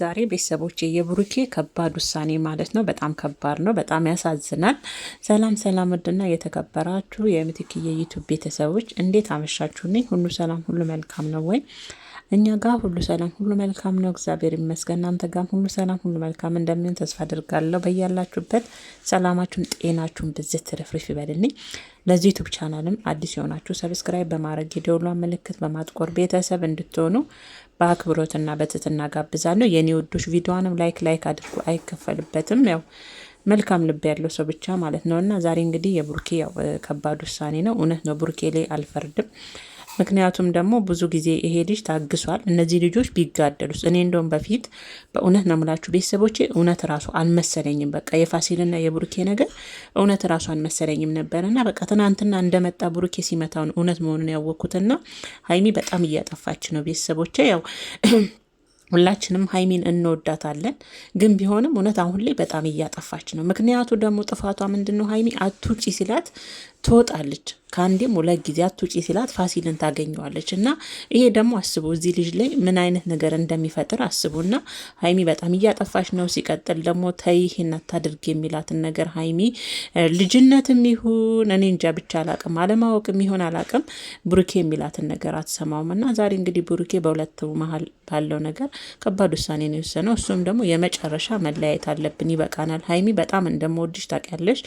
ዛሬ ቤተሰቦች የብሩኬ ከባድ ውሳኔ ማለት ነው። በጣም ከባድ ነው። በጣም ያሳዝናል። ሰላም ሰላም፣ ውድና የተከበራችሁ የምትክ የዩቱብ ቤተሰቦች እንዴት ነኝ ሁሉ ሰላም፣ ሁሉ መልካም ነው ወይም እኛ ጋር ሁሉ ሰላም፣ ሁሉ መልካም ነው፣ እግዚአብሔር ይመስገን። እናንተ ጋር ሁሉ ሰላም፣ ሁሉ መልካም እንደሚሆን ተስፋ አድርጋለሁ። በያላችሁበት ሰላማችሁን፣ ጤናችሁን ብዝት ትርፍርፍ ይበልልኝ። ለዚህ ዩቱብ ቻናልም አዲስ የሆናችሁ ሰብስክራይብ በማድረግ የደወሏን ምልክት በማጥቆር ቤተሰብ እንድትሆኑ በአክብሮትና በትትና ጋብዛለሁ። የኔ ውዶች ቪዲዮንም ላይክ ላይክ አድርጉ፣ አይከፈልበትም። ያው መልካም ልብ ያለው ሰው ብቻ ማለት ነው። እና ዛሬ እንግዲህ የቡርኬ ያው ከባድ ውሳኔ ነው። እውነት ነው። ቡርኬ ላይ አልፈርድም ምክንያቱም ደግሞ ብዙ ጊዜ ይሄ ልጅ ታግሷል። እነዚህ ልጆች ቢጋደሉስ? እኔ እንደውም በፊት በእውነት ነው የምላችሁ ቤተሰቦቼ እውነት ራሱ አልመሰለኝም። በቃ የፋሲልና የብሩኬ ነገር እውነት ራሱ አልመሰለኝም ነበርና በቃ ትናንትና እንደመጣ ብሩኬ ሲመታውን እውነት መሆኑን ያወቅኩትና ሀይሚ በጣም እያጠፋች ነው ቤተሰቦቼ ያው ሁላችንም ሀይሚን እንወዳታለን፣ ግን ቢሆንም እውነት አሁን ላይ በጣም እያጠፋች ነው። ምክንያቱ ደግሞ ጥፋቷ ምንድን ነው? ሀይሚ አትውጪ ሲላት ትወጣለች። ከአንዴም ሁለት ጊዜ አትውጪ ሲላት ፋሲልን ታገኘዋለች። እና ይሄ ደግሞ አስቡ እዚህ ልጅ ላይ ምን አይነት ነገር እንደሚፈጥር አስቡና ሀይሚ በጣም እያጠፋች ነው። ሲቀጥል ደግሞ ተይ ይሄን አታድርግ የሚላትን ነገር ሀይሚ ልጅነትም ይሁን እኔ እንጃ ብቻ አላቅም፣ አለማወቅም ይሁን አላቅም፣ ብሩኬ የሚላትን ነገር አትሰማውም። እና ዛሬ እንግዲህ ብሩኬ በሁለቱ መሀል ባለው ነገር ከባድ ውሳኔ ነው የወሰነው። እሱም ደግሞ የመጨረሻ መለያየት አለብን፣ ይበቃናል። ሀይሚ በጣም እንደመወድሽ ታውቂያለሽ፣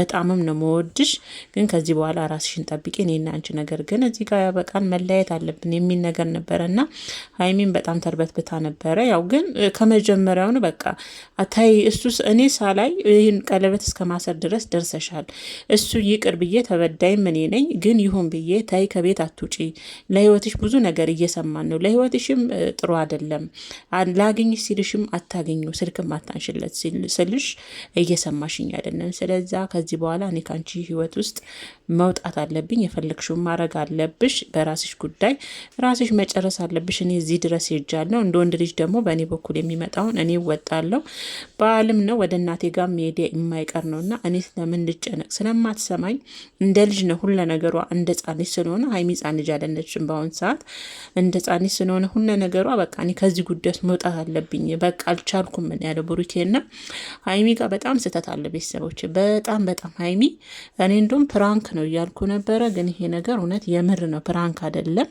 በጣምም ነው መወድሽ ግን ከዚህ በኋላ ራስሽን ጠብቂ፣ እኔና አንቺ ነገር ግን እዚህ ጋር ያበቃን መለያየት አለብን የሚል ነገር ነበረ እና ሀይሚን በጣም ተርበት ብታ ነበረ። ያው ግን ከመጀመሪያውን በቃ አታይ እሱ እኔ ሳላይ ይህን ቀለበት እስከ ማሰር ድረስ ደርሰሻል። እሱ ይቅር ብዬ ተበዳይም እኔ ነኝ፣ ግን ይሁን ብዬ ታይ ከቤት አትውጪ። ለህይወትሽ ብዙ ነገር እየሰማን ነው። ለህይወትሽም ጥሩ አይደለም። ላግኝሽ ሲልሽም አታገኙ፣ ስልክም አታንሽለት ስልሽ እየሰማሽኝ አይደለም። ስለዛ ከዚህ በኋላ እኔ ካንቺ ህይወት ውስጥ መውጣት አለብኝ፣ የፈለግሽውን ማድረግ አለብሽ፣ በራስሽ ጉዳይ ራስሽ መጨረስ አለብሽ። እኔ እዚህ ድረስ ሄጃለሁ። እንደ ወንድ ልጅ ደግሞ በእኔ በኩል የሚመጣውን እኔ እወጣለሁ። በዓልም ነው ወደ እናቴ ጋር መሄድ የማይቀር ነው እና እኔ ስለምን ልጨነቅ? ስለማትሰማኝ እንደ ልጅ ነው ሁለ ነገሯ። እንደ ህጻን ስለሆነ ሀይሚ ጻን ልጅ አይደለችም። በአሁን ሰዓት እንደ ህጻን ስለሆነ ሁለ ነገሯ በቃ እኔ ከዚህ ጉዳይ መውጣት አለብኝ፣ በቃ አልቻልኩም ያለ ብሩኬና ሀይሚ ጋር በጣም ስህተት አለ ቤተሰቦች፣ በጣም በጣም ሀይሚ እኔ እንዲሁም ፕራንክ ነው እያልኩ ነበረ፣ ግን ይሄ ነገር እውነት የምር ነው፣ ፕራንክ አይደለም።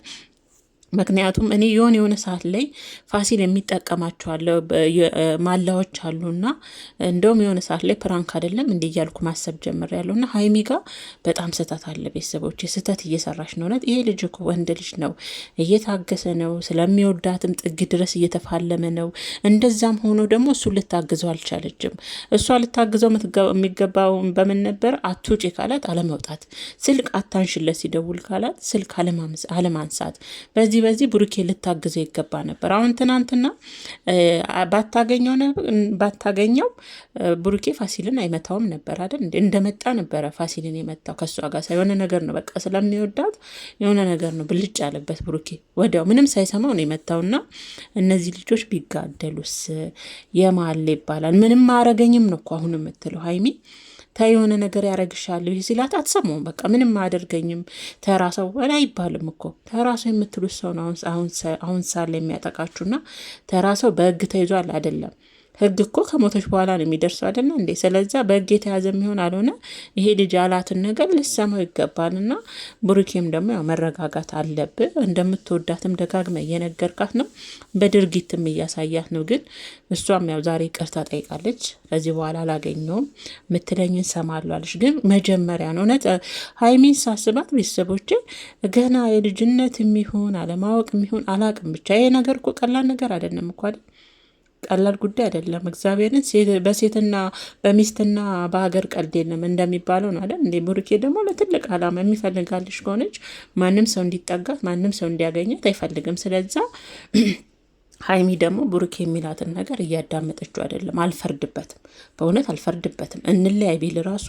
ምክንያቱም እኔ የሆነ የሆነ ሰዓት ላይ ፋሲል የሚጠቀማቸዋለው ማላዎች አሉና እንደውም የሆነ ሰዓት ላይ ፕራንክ አይደለም እንዲ እያልኩ ማሰብ ጀምሬያለሁ። እና ሀይሚ ጋ በጣም ስህተት አለ። ቤተሰቦች ስህተት እየሰራች ነው። እውነት ይሄ ልጅ እኮ ወንድ ልጅ ነው፣ እየታገሰ ነው፣ ስለሚወዳትም ጥግ ድረስ እየተፋለመ ነው። እንደዛም ሆኖ ደግሞ እሱ ልታግዘው አልቻለችም። እሷ ልታግዘው የሚገባው በምን ነበር? አትውጪ ካላት አለመውጣት፣ ስልክ አታንሽለት ሲደውል ካላት ስልክ አለማንሳት በዚህ በዚህ በዚህ ብሩኬ ልታግዘው ይገባ ነበር። አሁን ትናንትና ባታገኘው ብሩኬ ፋሲልን አይመታውም ነበር አይደል? እንደመጣ ነበረ ፋሲልን የመታው ከእሷ ጋር የሆነ ነገር ነው። በቃ ስለሚወዳት የሆነ ነገር ነው ብልጭ ያለበት ብሩኬ ወዲያው ምንም ሳይሰማው ነው የመታውና እነዚህ ልጆች ቢጋደሉስ የማለ ይባላል። ምንም አረገኝም ነው እኮ አሁን የምትለው ሀይሚ ታ የሆነ ነገር ያረግሻለሁ ይህ ሲላት አትሰማውም። በቃ ምንም አያደርገኝም ተራ ሰው በላ አይባልም እኮ ተራ ሰው የምትሉት ሰው አሁን ሳለ የሚያጠቃችሁና ተራ ሰው በህግ ተይዟል አይደለም ህግ እኮ ከሞተች በኋላ ነው የሚደርሰው አይደለ እንዴ? ስለዚ በህግ የተያዘ የሚሆን አልሆነ ይሄ ልጅ ያላትን ነገር ልሰማው ይገባል። ና ቡሩኬም ደግሞ ያው መረጋጋት አለብ። እንደምትወዳትም ደጋግመ እየነገርካት ነው፣ በድርጊትም እያሳያት ነው። ግን እሷም ያው ዛሬ ቅርታ ጠይቃለች። ከዚህ በኋላ አላገኘውም ምትለኝን ሰማለሁ ግን መጀመሪያ ነው እውነት ሀይሚን ሳስባት ቤተሰቦቼ ገና የልጅነት የሚሆን አለማወቅ የሚሆን አላቅም ብቻ ይሄ ነገር እኮ ቀላል ነገር አይደለም እኮ አይደል ቀላል ጉዳይ አይደለም። እግዚአብሔርን በሴትና በሚስትና በሀገር ቀልድ የለም እንደሚባለው ነው አይደል? እንዴ? ብሩኬ ደግሞ ለትልቅ ዓላማ የሚፈልጋልሽ ከሆነች ማንም ሰው እንዲጠጋት ማንም ሰው እንዲያገኛት አይፈልግም። ስለዛ ሀይሚ ደግሞ ብሩኬ የሚላትን ነገር እያዳመጠችው አይደለም። አልፈርድበትም፣ በእውነት አልፈርድበትም። እንለያይ ቢል ራሱ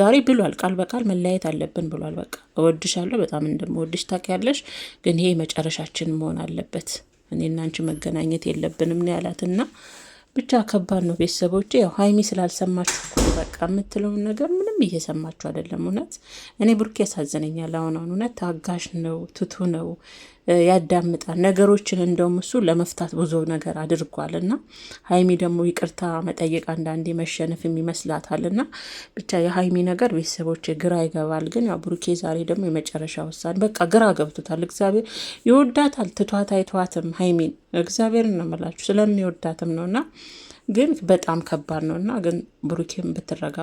ዛሬ ብሏል፣ ቃል በቃል መለያየት አለብን ብሏል። በቃ እወድሻለሁ፣ በጣም እንደምወድሽ ታውቂያለሽ፣ ግን ይሄ መጨረሻችን መሆን አለበት እኔና አንቺ መገናኘት የለብንም ነው ያላት። እና ብቻ ከባድ ነው ቤተሰቦች። ያው ሀይሚ ስላልሰማችሁ በቃ የምትለውን ነገር ምንም እየሰማችሁ አይደለም። እውነት እኔ ብሩኬ ያሳዝነኛል። አሁን አሁን እውነት ታጋሽ ነው ትቱ ነው ያዳምጣል ነገሮችን እንደውም እሱ ለመፍታት ብዙ ነገር አድርጓል እና ሀይሚ ደግሞ ይቅርታ መጠየቅ አንዳንዴ መሸነፍም ይመስላታል እና ብቻ የሀይሚ ነገር ቤተሰቦች ግራ ይገባል። ግን ያው ብሩኬ ዛሬ ደግሞ የመጨረሻ ውሳኔ በቃ ግራ ገብቶታል። እግዚአብሔር ይወዳታል፣ ትቷት አይተዋትም ሀይሚን እግዚአብሔር እንመላችሁ ስለሚወዳትም ነው እና ግን በጣም ከባድ ነው እና ግን ብሩኬም ብትረጋ